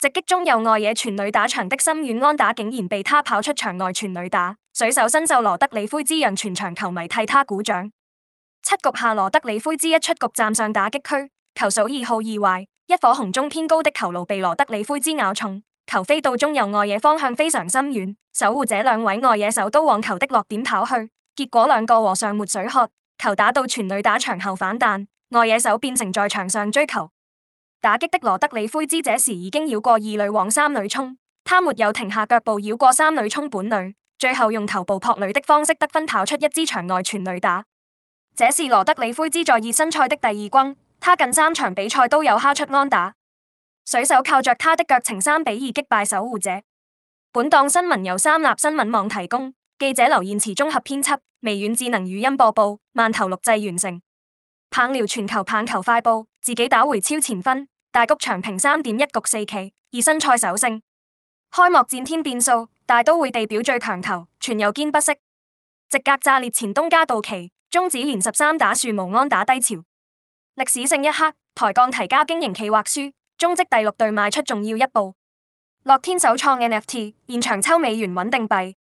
直擊中右外野全壘打牆的深遠安打，竟然被他跑出場內全壘打。水手新秀羅德里奎茲讓全場球迷替他鼓掌。七局下羅德里奎茲一出局站上打擊區，球數二好二壞，一顆紅中偏高的球路被羅德里奎茲咬中，球飛到中右外野方向非常深遠。守護者兩位外野手都往球的落點跑去，結果兩個和尚沒水喝。球打到全壘打牆後反彈，外野手變成在場上追球。打擊的羅德里奎茲這時已經繞過二壘往三壘衝，他沒有停下腳步繞過三壘衝本壘，最後用頭部撲壘的方式得分，跑出一支場內全壘打。這是羅德里奎茲在熱身賽的第二轟，他近三場比賽都有敲出安打。水手靠着他的腳程三比二擊敗守護者。本檔新聞由三立新聞網提供，記者劉彥慈綜合編輯，微軟智能語音播報，慢投錄製完成。棒聊全球棒球快報，自己打回超前分。大谷翔平三點一局四期，熱身賽首勝。開幕戰天變數，大都會地表最強投，全由堅不息。直格炸裂前東家道奇，終止連十三打，數無安打低潮。歷史性一刻，台鋼提交經營企劃書，中職第六隊邁出重要一步。樂天首創 NFT，現場抽美元穩定幣。